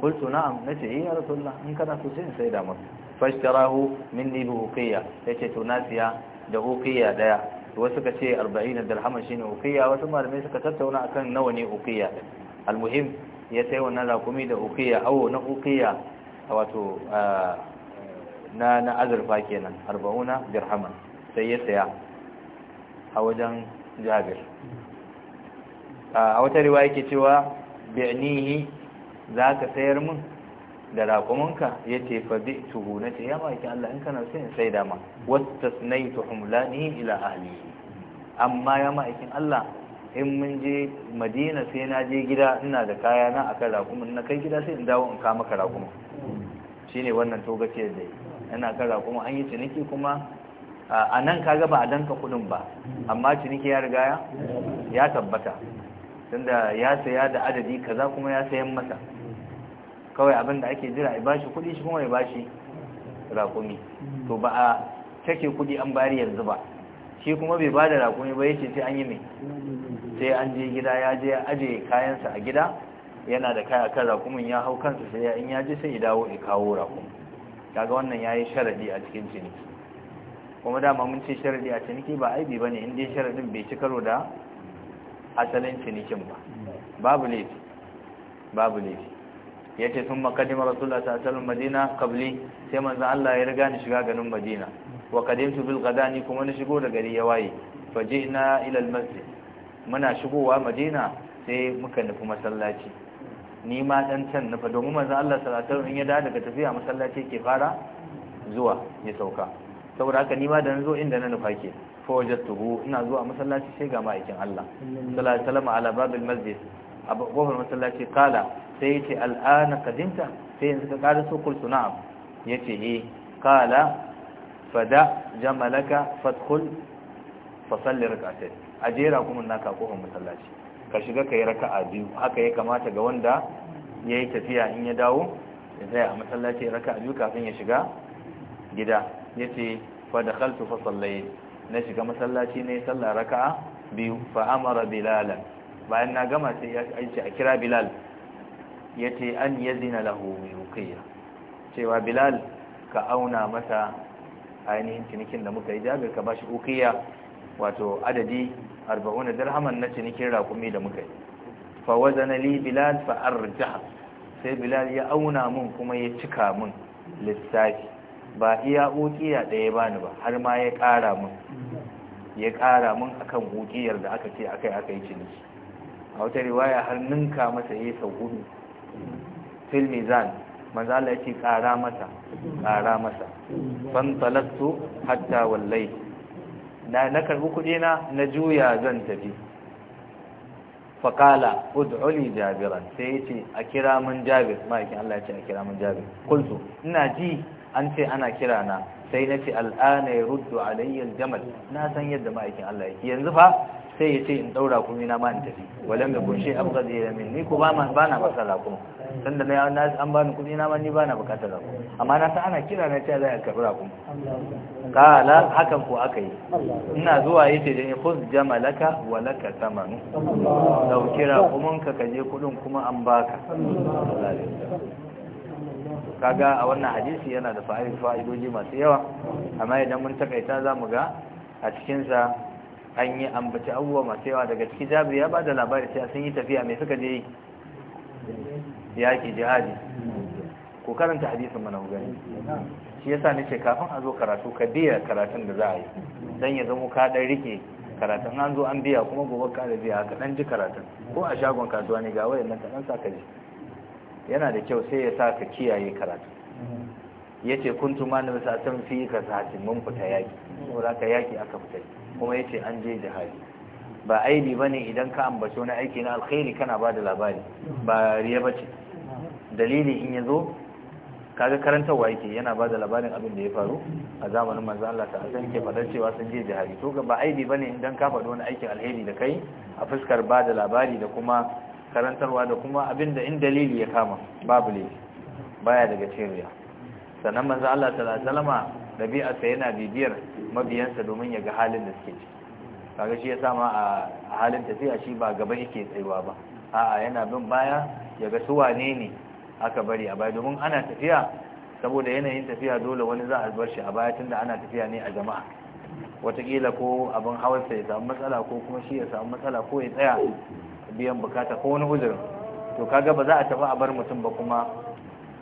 kultu na'am na ce yi eh, ya rasulullah in kana so sai in sai damun fashtarahu min nibi hukiya ya ce to nasiya da hukiya daya wasu ka ce 40 dirhaman shine hukiya wasu malamai suka tattauna akan nawa ne hukiya almuhim ya sai wannan rakumi da hukiya awo na hukiya wato ah, na na azurfa kenan arba'una dirhaman sai ya saya a wajen jabir a wata riwaya yake cewa bi'nihi za ka sayar min da raƙuminka ya ce fa bi tuhu na ce ya maki Allah in kana sai sai dama wata sunai tuhumlani ila ahli amma ya ma'aikin Allah in mun je madina sai na je gida ina da kaya na akan raƙumin na kai gida sai in dawo in ka maka raƙumin shine wannan togace da yi yana kara kuma an yi ciniki kuma a nan kaga ba a danka kudin ba amma ciniki ya riga ya tabbata tunda ya saya da adadi kaza kuma ya sayan masa kawai abin da ake jira ya bashi kudi shi kuma ya bashi rakumi to ba a take kudi an bari yanzu ba shi kuma bai bada rakumi ba yace sai an yi mai sai an je gida ya je aje kayansa a gida yana da kaya kan rakumin ya hau kansa sai in ya je sai ya dawo ya kawo rakumi kaga wannan yayi sharadi a cikin ciniki kuma dama mun ce sharadi a ciniki ba aibi bane in dai sharadin bai ci karo da asalin cinikin ba babu laifi babu laifi yace sun makadima rasulullah sallallahu alaihi madina qabli sai manzo Allah ya riga ni shiga ganin madina wa qadimtu bil ghadani kuma na shigo da gari ya waye fajina ila al masjid muna shigowa madina sai muka nufi masallaci ni ma dan can nufa domin manzo Allah sallallahu alaihi in ya da daga tafiya masallaci ke fara zuwa ya sauka saboda haka ni ma da zo inda na nufa ke fa wajadtuhu ina zuwa masallaci sai ga aikin Allah sallallahu alaihi wasallam ala babil masjid abu kofar masallaci kala sai yace al'ana kadinta sai yanzu ka kada so kulsu na'am yace eh kala fada jamalaka fadkhul fa salli rak'atayn ajira kuma naka kofar masallaci ka shiga ka yi raka'a biyu haka ya kamata ga wanda ya yi tafiya in ya dawo ya zai a masallaci raka raka'a biyu kafin ya shiga gida ya ce fa da na shiga na shiga masallaci raka sallah raka'a biyu fa amara bilalan bayan na gama sai ya aiki a kira bilal ya ce an zina lahu yuqiya cewa bilal ka auna masa ainihin cinikin da muka yi jabir ka ba shi ukiya wato adadi arba'una dirhaman na cinikin rakumi da muka yi fa wazana li bilal fa arja sai bilal ya auna mun kuma ya cika mun lissafi ba iya ukiya ɗaya bani ba har ma ya ƙara mun ya kara mun akan uqiyar da aka ce akai akai yi ciniki a wata riwaya har ninka masa yayi sau hudu fil mizan manzo Allah yake kara masa kara masa fan talattu hatta wallahi na na karbi kuɗi na na juya zan tafi faƙala ud'uli jabiran sai ya ce a kira mun jabir ma'aikin Allah ya ce a kira mun jabir kultu ina ji an ce ana kira na sai na ce al'ana ya ruddu alayyar jamal na san yadda ma'aikin Allah ya yanzu fa sai ya ce in daura kuma na ma in tafi walam yakun shay abghad ila minni ko ba ma ba na ku kuma da na an bani kuɗi na ma ni ba na bukatar ku amma na sa ana kira na ce za a karɓi ku kala hakan ko aka yi ina zuwa yace da ni khuz jamalaka wa laka thamanu dauki raƙumin ka kaje kuɗin kuma an baka kaga a wannan hadisi yana da fa'idoji masu yawa amma idan mun takaita zamu ga a cikinsa an yi ambaci abubuwa masu yawa daga ciki jabi ya ba da labari sai sun yi tafiya mai suka je yaki jihadi ko karanta hadisin mana gani shi ya sa nace kafin a zo karatu ka biya karatun da za a yi dan ya zama ka rike karatun an zo an biya kuma gobe ka da biya ka ɗan ji karatun ko a shagon kasuwa ne ga nan ka dan ka ji yana da kyau sai ya sa ka kiyaye karatu yace kuntu ma na bisa san fi ka mun fita yaki za ka yaki aka fita kuma yace an je jihadi ba aibi bane idan ka ambaci wani aiki na alkhairi kana bada labari ba riya bace dalili in yazo kaga karantarwa yake yana bada labarin abin da ya faru a zamanin manzo Allah ta azan ke fadar cewa sun je jihadi to ga ba aibi bane idan ka fadi wani aikin alheri da kai a fuskar bada labari da kuma karantarwa da kuma abin da in dalili ya kama babu laifi baya daga cikin riya sannan manzo Allah ta sallama ɗabi'arsa yana bibiyar mabiyansa domin ya ga halin da suke ci kaga shi ya sama a halin tafiya shi ba gaba yake tsayuwa ba a'a yana bin baya ya ga su wane ne aka bari a baya domin ana tafiya saboda yanayin tafiya dole wani za a bar shi a baya tunda ana tafiya ne a jama'a watakila ko abin hawarsa ya samu matsala ko kuma shi ya samu matsala ko ya tsaya biyan bukata ko wani uzurin to kaga ba za a tafi a bar mutum ba kuma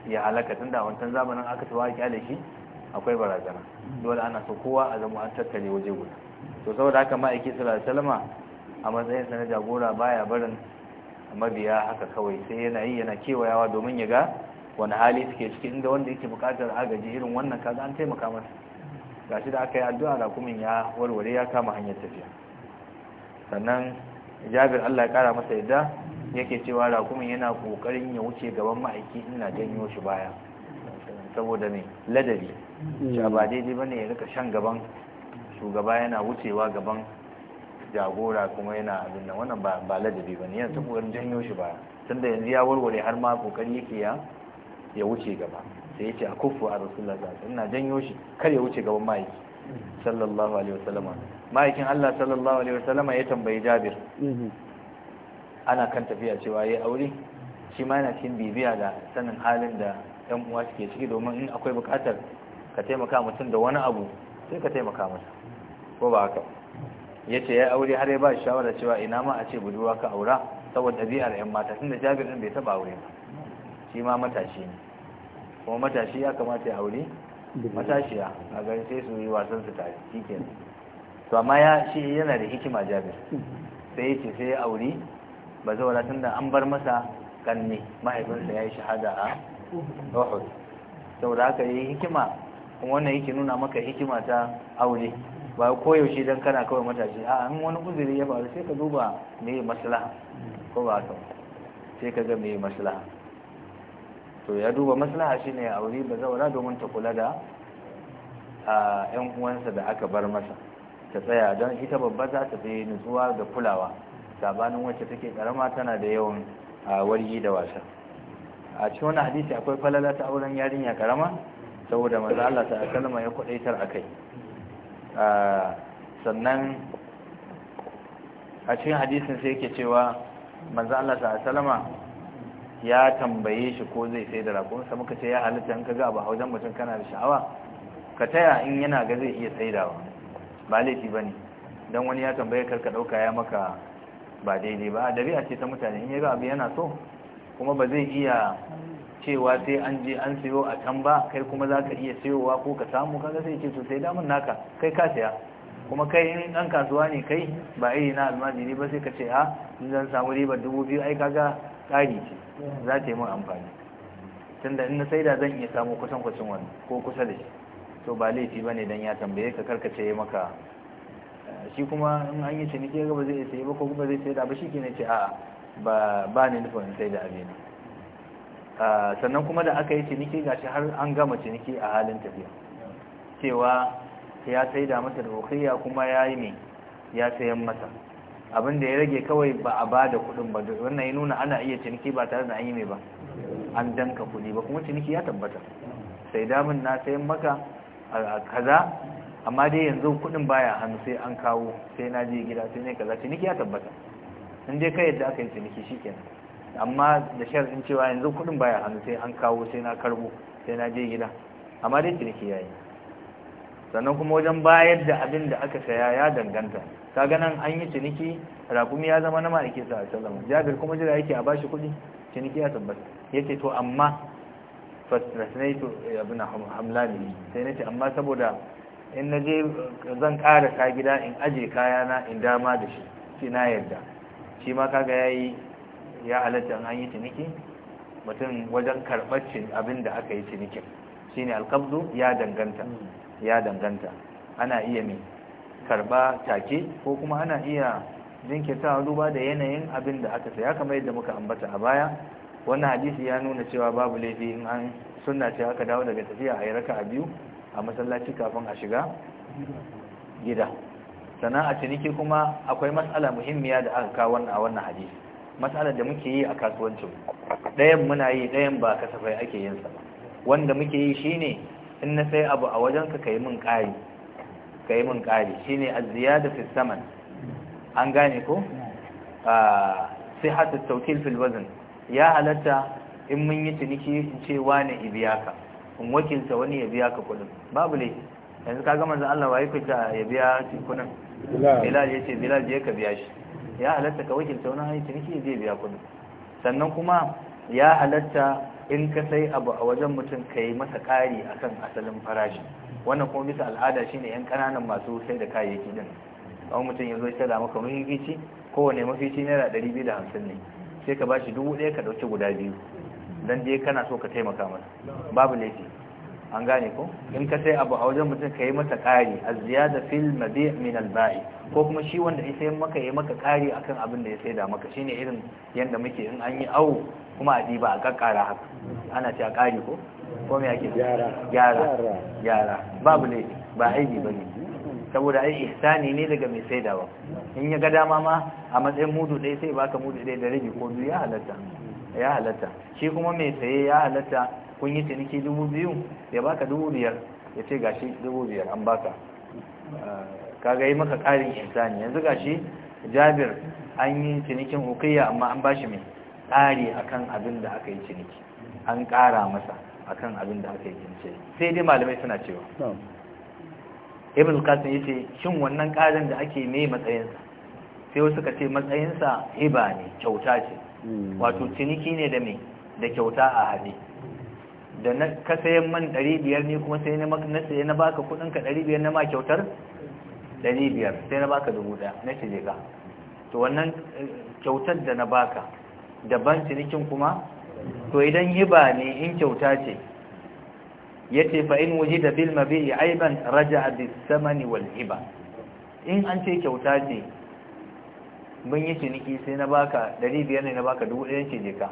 ya halaka tunda wancan zamanin aka tafi a kyale shi akwai barazana dole ana so kowa a zama an tattare waje guda to saboda haka ma'aiki sallallahu alaihi a matsayin sa na jagora baya barin mabiya haka kawai sai yana yi yana kewayawa domin ya ga wani hali suke ciki inda wanda yake bukatar agaji irin wannan kaza an taimaka masa gashi da aka yi addu'a rakumin ya warware ya kama hanyar tafiya sannan jabir Allah ya kara masa yadda yake cewa rakumin yana kokarin ya wuce gaban ma'aiki ina janyo shi baya saboda ne ladabi ba ba daidai ne ya rika shan gaban shugaba yana wucewa gaban jagora kuma yana abin nan wannan ba ba ladabi yana ta kokarin janyo shi ba da yanzu ya warware har ma kokari yake ya ya wuce gaba sai ce a kufu a rasulullah sallallahu ina janyo shi kar ya wuce gaban ma'aiki sallallahu alaihi wasallam ma'aikin Allah sallallahu alaihi wasallam ya tambayi Jabir mm-hmm. ana kan tafiya cewa yayi aure shi ma yana cikin bibiya da sanin halin da yan uwa suke ciki domin in akwai bukatar ka taimaka mutum da wani abu sai ka taimaka masa ko ba haka ya ce ya aure har ya ba shawara cewa ina ma a ce budurwa ka aura saboda ɗabi'ar 'yan mata da jabir ɗin bai taɓa aure ba shi ma matashi ne kuma matashi ya kamata ya aure matashiya a gari sai su yi wasan su tare shi ke to amma ya shi yana da hikima jabir sai ya ce sai ya aure ba wala tun da an bar masa kanne mahaifinsa ya yi shahada a Uhud saboda haka yi hikima wannan yake nuna maka hikima ta aure ba koyaushe don kana kawai matashi a an wani kuzuri ya faru sai ka duba me maslaha ko ba ka sai ka ga me maslaha to ya duba maslaha shine ya aure ba zaura domin ta kula da yan uwansa da aka bar masa ta tsaya don ita babba za ta fi nutsuwa da kulawa sabanin wacce take karama tana da yawan wargi da wasa a cikin wani hadisi akwai falala ta auren yarinya karama saboda maza Allah ta kalma ya kudaitar a kai sannan a cikin hadisin sai yake cewa maza Allah ta ya tambaye shi ko zai sai da raƙonsa muka ce ya halitta in kaga abu hauzan mutum kana da sha'awa ka taya in yana ga zai iya saidawa ba laifi bane dan wani ya tambaye ka dauka ya maka ba daidai ba dabi'a ce ta mutane in ya ga abu yana so kuma ba zai iya cewa sai an je an sayo a can ba kai kuma za ka iya sayowa ko ka samu kaga sai ce sosai sai damun naka kai ka saya kuma kai in ɗan kasuwa ne kai ba iri na almajiri ba sai ka ce ha in zan samu ribar dubu biyu ai kaga ƙari ce za ta yi min amfani tunda in na saida zan iya samu kusan kusan wani ko kusa da shi to ba laifi ba ne don ya tambaye ka karkace ya maka shi kuma in an yi ciniki ga ba zai iya sayi ba ko kuma zai da ba shi ke ne ce a'a ba ni nufin saida abin sannan kuma da aka yi ciniki gashi har an gama ciniki a halin tafiya cewa ya sai da mata da rukiya kuma ya yi ne ya sayan mata abinda ya rage kawai ba a ba da kudin ba wannan ya nuna ana iya ciniki ba tare da an yi mai ba an danka kudi ba kuma ciniki ya tabbata sai damin na sayan maka a kaza amma dai yanzu kudin baya hannu sai an kawo sai na je gida sai ne kaza ciniki ya tabbata in dai kai yadda aka yi ciniki kenan. amma da sharadin cewa yanzu kudin baya hannu sai an kawo sai na karbo sai na je gida amma dai ciniki yi sannan kuma wajen bayar da abin da aka saya ya danganta kaga nan an yi ciniki rakumi ya zama na ma'aiki sa a sallallahu jabir kuma jira yake a bashi kudi ciniki ya tabbata yace to amma eh, abin hamla ne sai na ce amma saboda in na je zan ƙara ka gida in aje kayana in dama da shi shi na yarda shi ma kaga ya yi. ya halatta an yi ciniki mutum wajen karɓar abin da aka yi cinikin ne alkabdu ya danganta ya danganta ana iya mai karɓa take ko kuma ana iya jinkirta duba da yanayin abin da aka saya kamar yadda muka ambata a baya wani hadisi ya nuna cewa babu laifi in an suna ce aka dawo daga tafiya a yi raka a biyu a masallaci kafin a shiga gida sannan a ciniki kuma akwai matsala muhimmiya da aka kawo a wannan hadisi matsalar da muke yi a kasuwancin ɗayan muna yi ɗayan ba kasafai ake yin sa wanda muke yi shine in na sai abu a wajen ka kai min ƙari kai min ƙari shine az-ziyada fi saman an gane ko a sihhatu at-tawkil fil wazn ya halatta in mun yi ciniki in ce wani ibiya ka in wakilta wani ya biya ka kudin babu ne yanzu ka gama zan Allah waye kuta ya biya kudin bilal ya ce bilal je ka biya shi ya halatta ka wakilta wani hanyar ciniki zai biya kudi sannan kuma ya halatta in ka sai abu a wajen mutum ka yi masa ƙari akan asalin farashi wannan kuma bisa al'ada shine yan kananan masu sai da kayayyaki din an mutum ya zo ya sada maka mafifici kowane mafici naira ɗari biyu da hamsin ne sai ka bashi dubu ɗaya ka ɗauki guda biyu dan dai kana so ka taimaka masa babu laifi an gane ko in ka sai abu a wajen mutum ka yi masa ƙari a ziyada fil mabi' min al-ba'i ko kuma shi wanda ya sayan maka ya maka kari akan abin da ya saida maka shine irin yanda muke in an yi awo kuma a diba a kakkara haka ana ce a kari ko ko me ake gyara gyara gyara babu ne ba aibi bane saboda ai ihsani ne daga mai ba in ya ga dama ma a matsayin mudu ɗaya sai baka mudu ɗaya da rabi ko biyu ya halatta ya halatta shi kuma mai saye ya halatta kun yi ciniki dubu biyu ya baka dubu biyar ya ce gashi dubu biyar an baka ah, kaga yi maka ƙarin ihsani yanzu gashi Jabir an yi cinikin uqiyya amma an bashi mai ƙari akan abin da aka yi ciniki an ƙara masa akan abin da aka yi ciniki sai dai malamai suna cewa Ibn al-Qasim yace shin wannan ƙarin da ake mai matsayinsa sai wasu ka ce matsayinsa hiba ne kyauta ce hmm. wato ciniki ne da mai da kyauta a haɗe da na ka man 500 ne kuma sai na na baka kudin ka 500 na ma kyautar ɗari biyar sai na baka dubu ɗaya na ce je ka to wannan eh, kyautar da na baka daban cinikin kuma to idan hiba ne in kyauta ce ya ce fa in da bil mabi'i aiban raja a bisamani wal hiba in an ce kyauta ce mun yi ciniki sai na baka ɗari biyar ne na baka dubu ɗaya ce je ka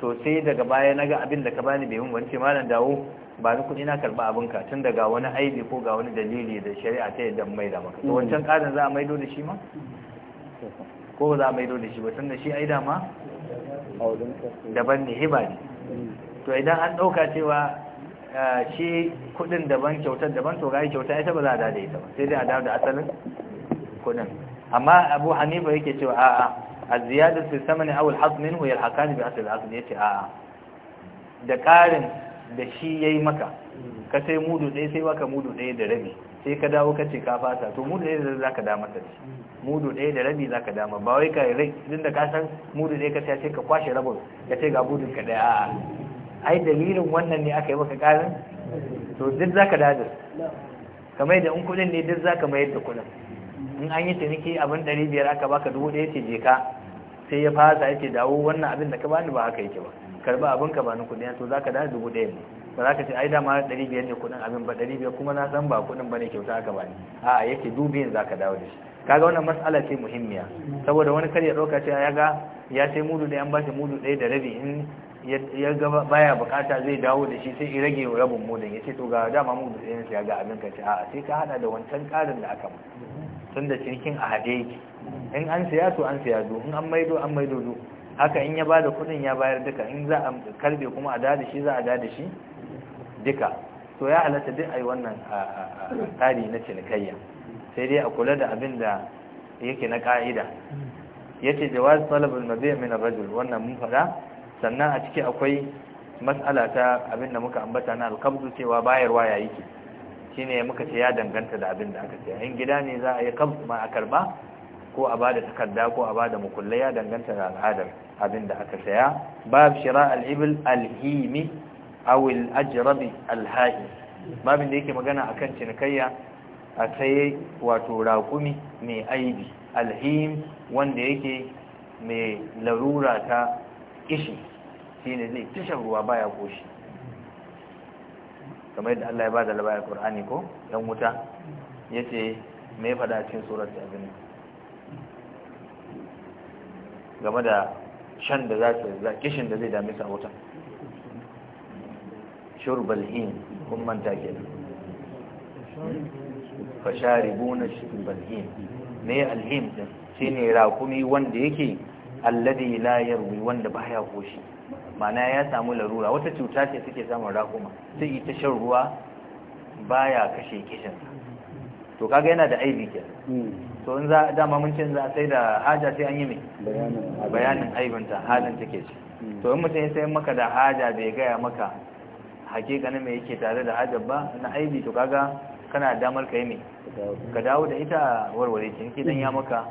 to sai daga baya na ga abin da ka bani bai mun wance malam dawo ba ni kuɗi na karɓa abinka tun daga wani aibi ko ga wani dalili da shari'a ta yadda mai da maka to wancan ƙarin za a maido da shi ma ko za a maido da shi ba tun da shi ai dama daban ne hiba ne to idan an ɗauka cewa eh, shi kuɗin daban kyautar daban to gari kyauta ita ba za a dada ita ba sai dai a dawo da asalin kuɗin amma abu hanifa yake cewa a'a a ziyadar fi samani awul hasmin huyar hakani bi asali asali ya ce a'a da ƙarin da shi ya yi maka ka sai mudu ɗaya sai waka mudu ɗaya da rabi sai ka dawo ka ce ka fasa to mudu ɗaya da za ka dama ta ce. mudu ɗaya da rabi za ka dama ba wai ka rai din da ka san mudu ɗaya ka ce, ka kwashe rabin ka ce ga budun ka ɗaya a'a ai dalilin wannan ne aka yi maka ƙarin to duk za ka dada kamar yadda in kuɗin ne duk za ka mayar da kuɗin in an yi ciniki abin ɗari biyar aka baka dubu ɗaya ce je ka sai ya fasa ya ce dawo wannan abin da ka bani ba haka yake ba karba abin ka ba ni kuɗi to zaka da dubu ɗaya ne ba za ka ce ai dama ɗari biyar ne kuɗin abin ba ɗari biyar kuma na san ba kuɗin ba ne kyauta aka bani a'a yake dubiyin za ka dawo da shi kaga wannan mas'ala ce muhimmiya saboda wani kar ya ɗauka ce ya ga ya sai mudu ɗaya an ba shi mudu ɗaya da rabi in ya ga baya bukata zai dawo da shi sai in rage rabin mudun ya ce to ga dama mudu ɗaya ne ya ga abin ka ce a'a sai ka haɗa da wancan ƙarin da aka mu tun da cinikin a haɗe yake in an siya to an siya du in an maido an maido du haka in ya bada da kudin ya bayar duka in za a karbe kuma a da shi za a da shi duka to ya halatta duk a yi wannan tsari na cinikayya sai dai a kula da abin da yake na ka'ida ya ce jawaz na zai min rajul wannan mun faɗa sannan a ciki akwai matsala ta abin da muka ambata na alkabdu cewa bayarwa ya ke shine muka ce ya danganta da abin da aka ce in gida ne za a yi kabdu ma a karba ko a bada takarda ko a bada mukullaya danganta da al'adar abinda aka saya bab shira al-ibil al-himi aw al-ajrabi al-ha'i babin da yake magana akan cinikayya a saye wato raƙumi mai aibi alhim wanda yake mai larura ta kishi shine zai tishan ruwa baya koshi kamar yadda Allah ya bada labarin Qur'ani ko yan wuta yace me fada cikin surat abin game da shan da za ta kishin da zai dami su a wutan shurbal hin kun manta kenan buna shurbal hin me alhim din ne rakumi wanda yake alladi la yarwi wanda ya koshi mana ya samu larura wata cuta ce suke samun rakuma sai ita shan ruwa baya kashe kishin to kaga yana da aibi kenan hmm. to in za dama mun ce za a sai da haja sai an yi mai bayanin aibinta halin take ce to in mutum ya sai maka da haja bai gaya maka hakikanin mai yake tare da hajar ba na aibi to kaga kana damar ka yi mai ka dawo da ita warware ciniki don ya maka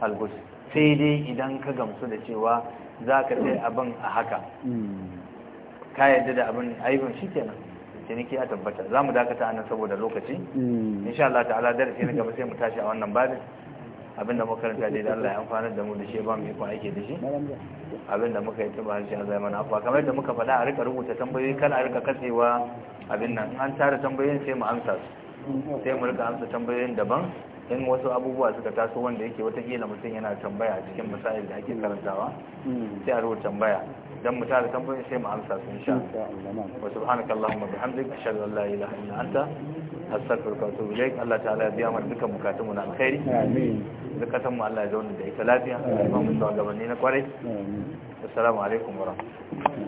algus sai dai idan ka gamsu da cewa za ka sai abin a haka hmm. ka yadda da abin aibin shi kenan ciniki a tabbata za mu dakata a nan saboda lokaci hmm. insha Allah ta'ala darasi na gaba sai mu tashi a wannan babin abinda karanta dai da Allah ya amfana da mu da shi ba mu yi ko aiki da shi abinda muka yi tuba shi Allah ya mana afuwa kamar da muka faɗa a rika rubuta tambayoyi kan a rika katsewa abin nan an tara tambayoyin sai mu amsa su sai mu rika amsa tambayoyin daban in wasu abubuwa suka taso wanda yake watakila mutum yana tambaya cikin misali da ake karantawa hmm. sai a rubuta tambaya dan mu tare tambayoyin sai mu amsa su insha Allah wa subhanaka allahumma bihamdika ashhadu an la ilaha illa anta astaghfiruka wa atubu ilaik Allah ta'ala ya biya mana dukkan bukatunmu na alkhairi amin zakatan mu Allah ya zauna da ita lafiya ba mu shugabanni na kwarai assalamu alaikum wa rahmatullahi